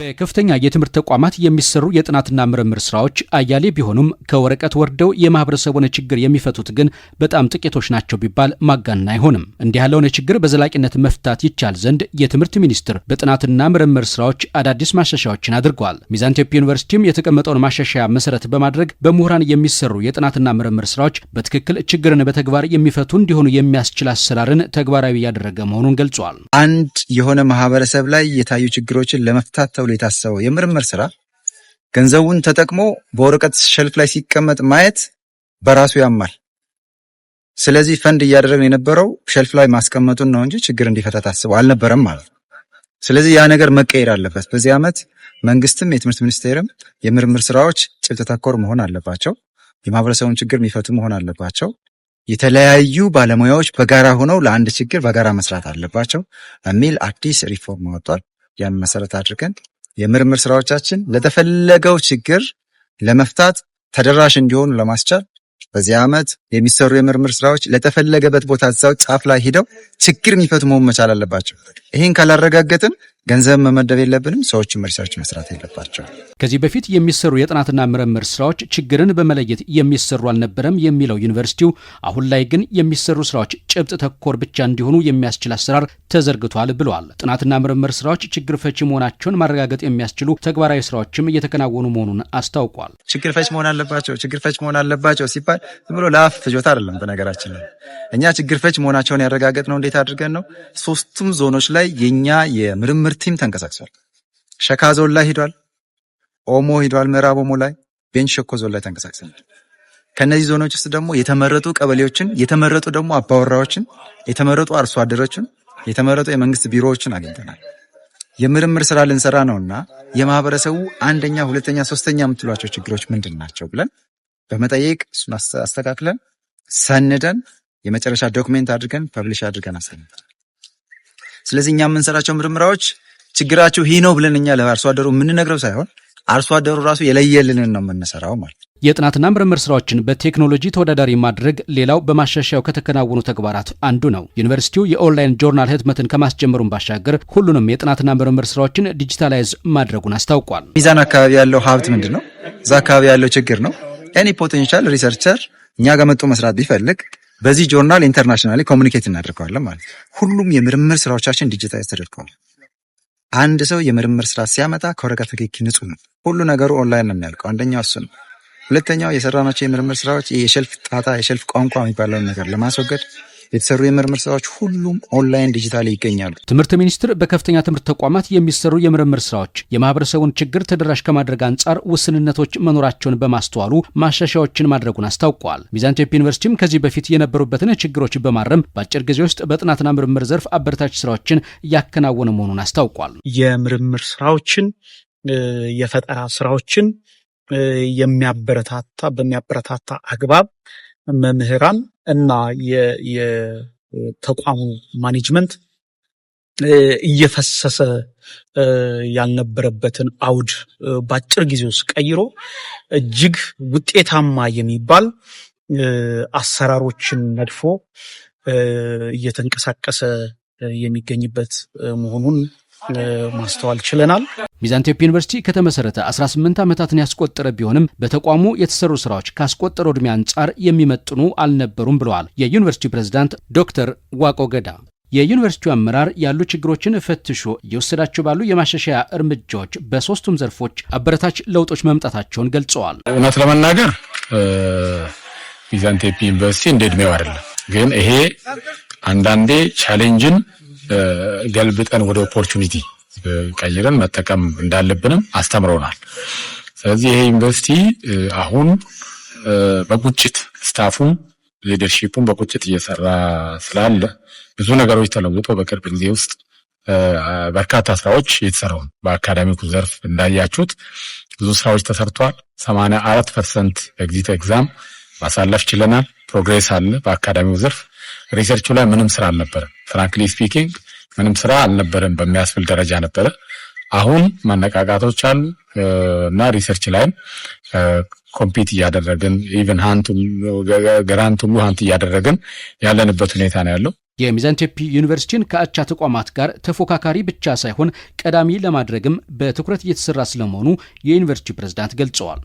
በከፍተኛ የትምህርት ተቋማት የሚሰሩ የጥናትና ምርምር ስራዎች አያሌ ቢሆኑም ከወረቀት ወርደው የማህበረሰቡን ችግር የሚፈቱት ግን በጣም ጥቂቶች ናቸው ቢባል ማጋነን አይሆንም። እንዲህ ያለውን ችግር በዘላቂነት መፍታት ይቻል ዘንድ የትምህርት ሚኒስቴር በጥናትና ምርምር ስራዎች አዳዲስ ማሻሻያዎችን አድርጓል። ሚዛን ኢትዮጵያ ዩኒቨርሲቲም የተቀመጠውን ማሻሻያ መሰረት በማድረግ በምሁራን የሚሰሩ የጥናትና ምርምር ስራዎች በትክክል ችግርን በተግባር የሚፈቱ እንዲሆኑ የሚያስችል አሰራርን ተግባራዊ እያደረገ መሆኑን ገልጿል። አንድ የሆነ ማህበረሰብ ላይ የታዩ ችግሮችን ለመፍታት ተብሎ የታሰበው የምርምር ስራ ገንዘቡን ተጠቅሞ በወረቀት ሸልፍ ላይ ሲቀመጥ ማየት በራሱ ያማል። ስለዚህ ፈንድ እያደረግን የነበረው ሸልፍ ላይ ማስቀመጡን ነው እንጂ ችግር እንዲፈታ ታስበው አልነበረም ማለት ነው። ስለዚህ ያ ነገር መቀየር አለበት። በዚህ ዓመት መንግስትም የትምህርት ሚኒስቴርም የምርምር ስራዎች ጭብጥ ተኮር መሆን አለባቸው። የማህበረሰቡን ችግር የሚፈቱ መሆን አለባቸው። የተለያዩ ባለሙያዎች በጋራ ሆነው ለአንድ ችግር በጋራ መስራት አለባቸው የሚል አዲስ ሪፎርም ወጥቷል። ያን መሰረት አድርገን የምርምር ስራዎቻችን ለተፈለገው ችግር ለመፍታት ተደራሽ እንዲሆኑ ለማስቻል በዚህ ዓመት የሚሰሩ የምርምር ስራዎች ለተፈለገበት ቦታ እዛው ጫፍ ላይ ሂደው ችግር የሚፈቱ መሆን መቻል አለባቸው። ይህን ካላረጋገጥን ገንዘብ መመደብ የለብንም፣ ሰዎች ሪሰርች መስራት የለባቸው። ከዚህ በፊት የሚሰሩ የጥናትና ምርምር ስራዎች ችግርን በመለየት የሚሰሩ አልነበረም የሚለው ዩኒቨርሲቲው፣ አሁን ላይ ግን የሚሰሩ ስራዎች ጭብጥ ተኮር ብቻ እንዲሆኑ የሚያስችል አሰራር ተዘርግቷል ብለዋል። ጥናትና ምርምር ስራዎች ችግር ፈቺ መሆናቸውን ማረጋገጥ የሚያስችሉ ተግባራዊ ስራዎችም እየተከናወኑ መሆኑን አስታውቋል። ችግር ፈች መሆን አለባቸው ችግር ፈች መሆን አለባቸው ሲባል ዝም ብሎ ለአፍ ፍጆታ አይደለም። በነገራችን ላይ እኛ ችግር ፈች መሆናቸውን ያረጋገጥ ነው። እንዴት አድርገን ነው? ሶስቱም ዞኖች ላይ የኛ የምርምር ቲም ተንቀሳቅሷል። ሸካ ዞን ላይ ሂዷል፣ ኦሞ ሂዷል፣ ምዕራብ ኦሞ ላይ፣ ቤንች ሸኮ ዞን ላይ ተንቀሳቅሰናል። ከእነዚህ ዞኖች ውስጥ ደግሞ የተመረጡ ቀበሌዎችን፣ የተመረጡ ደግሞ አባወራዎችን፣ የተመረጡ አርሶ አደሮችን፣ የተመረጡ የመንግስት ቢሮዎችን አግኝተናል። የምርምር ስራ ልንሰራ ነውና የማህበረሰቡ አንደኛ፣ ሁለተኛ፣ ሶስተኛ የምትሏቸው ችግሮች ምንድን ናቸው ብለን በመጠየቅ እሱን አስተካክለን ሰንደን የመጨረሻ ዶክሜንት አድርገን ፐብሊሽ አድርገን አሳይተናል። ስለዚህ እኛ የምንሰራቸው ምርምራዎች ችግራችሁ ይህ ነው ብለን እኛ ለአርሶ አደሩ የምንነግረው ሳይሆን አርሶ አደሩ ራሱ የለየልንን ነው የምንሰራው ማለት የጥናትና ምርምር ስራዎችን በቴክኖሎጂ ተወዳዳሪ ማድረግ ሌላው በማሻሻያው ከተከናወኑ ተግባራት አንዱ ነው። ዩኒቨርሲቲው የኦንላይን ጆርናል ህትመትን ከማስጀመሩን ባሻገር ሁሉንም የጥናትና ምርምር ስራዎችን ዲጂታላይዝ ማድረጉን አስታውቋል። ሚዛን አካባቢ ያለው ሀብት ምንድን ነው? እዛ አካባቢ ያለው ችግር ነው ኤኒ ፖቴንሻል ሪሰርቸር እኛ ጋር መጥቶ መስራት ቢፈልግ በዚህ ጆርናል ኢንተርናሽናሊ ኮሚኒኬት እናደርገዋለን ማለት ነው። ሁሉም የምርምር ስራዎቻችን ዲጂታይዝ ተደርገዋል። አንድ ሰው የምርምር ስራ ሲያመጣ ከወረቀት ንክኪ ንጹህ ነው። ሁሉ ነገሩ ኦንላይን ነው የሚያልቀው። አንደኛው እሱ ነው። ሁለተኛው የሰራናቸው የምርምር ስራዎች የሸልፍ ጣታ የሸልፍ ቋንቋ የሚባለውን ነገር ለማስወገድ የተሰሩ የምርምር ስራዎች ሁሉም ኦንላይን ዲጂታል ይገኛሉ። ትምህርት ሚኒስቴር በከፍተኛ ትምህርት ተቋማት የሚሰሩ የምርምር ስራዎች የማህበረሰቡን ችግር ተደራሽ ከማድረግ አንጻር ውስንነቶች መኖራቸውን በማስተዋሉ ማሻሻያዎችን ማድረጉን አስታውቋል። ሚዛን ቴፒ ዩኒቨርሲቲም ከዚህ በፊት የነበሩበትን ችግሮች በማረም በአጭር ጊዜ ውስጥ በጥናትና ምርምር ዘርፍ አበረታች ስራዎችን እያከናወነ መሆኑን አስታውቋል። የምርምር ስራዎችን የፈጠራ ስራዎችን የሚያበረታታ በሚያበረታታ አግባብ መምህራን እና የተቋሙ ማኔጅመንት እየፈሰሰ ያልነበረበትን አውድ በአጭር ጊዜ ውስጥ ቀይሮ እጅግ ውጤታማ የሚባል አሰራሮችን ነድፎ እየተንቀሳቀሰ የሚገኝበት መሆኑን ማስተዋል ችለናል። ሚዛን ኢትዮጵያ ዩኒቨርሲቲ ከተመሰረተ 18 ዓመታትን ያስቆጠረ ቢሆንም በተቋሙ የተሰሩ ስራዎች ካስቆጠረው እድሜ አንጻር የሚመጥኑ አልነበሩም ብለዋል የዩኒቨርሲቲው ፕሬዝዳንት ዶክተር ዋቆ ገዳ። የዩኒቨርሲቲው አመራር ያሉ ችግሮችን ፈትሾ እየወሰዳቸው ባሉ የማሻሻያ እርምጃዎች በሶስቱም ዘርፎች አበረታች ለውጦች መምጣታቸውን ገልጸዋል። እውነት ለመናገር ሚዛን ኢትዮጵያ ዩኒቨርሲቲ እንደ እድሜው አይደለም፣ ግን ይሄ አንዳንዴ ቻሌንጅን ገልብጠን ወደ ኦፖርቹኒቲ ቀይረን መጠቀም እንዳለብንም አስተምረውናል። ስለዚህ ይሄ ዩኒቨርሲቲ አሁን በቁጭት ስታፉም ሊደርሺፑም በቁጭት እየሰራ ስላለ ብዙ ነገሮች ተለውጦ በቅርብ ጊዜ ውስጥ በርካታ ስራዎች የተሰራው በአካዳሚኩ ዘርፍ እንዳያችሁት ብዙ ስራዎች ተሰርተዋል። ሰማንያ አራት ፐርሰንት ኤግዚት ኤግዛም ማሳለፍ ችለናል። ፕሮግሬስ አለ በአካዳሚው ዘርፍ ሪሰርቹ ላይ ምንም ስራ አልነበረም። ፍራንክሊ ስፒኪንግ ምንም ስራ አልነበረም በሚያስብል ደረጃ ነበረ። አሁን መነቃቃቶች አሉ እና ሪሰርች ላይም ኮምፒት እያደረግን ኢቨን ግራንት ሁሉ ሀንት እያደረግን ያለንበት ሁኔታ ነው ያለው። የሚዛን ቴፒ ዩኒቨርሲቲን ከአቻ ተቋማት ጋር ተፎካካሪ ብቻ ሳይሆን ቀዳሚ ለማድረግም በትኩረት እየተሰራ ስለመሆኑ የዩኒቨርሲቲ ፕሬዝዳንት ገልጸዋል።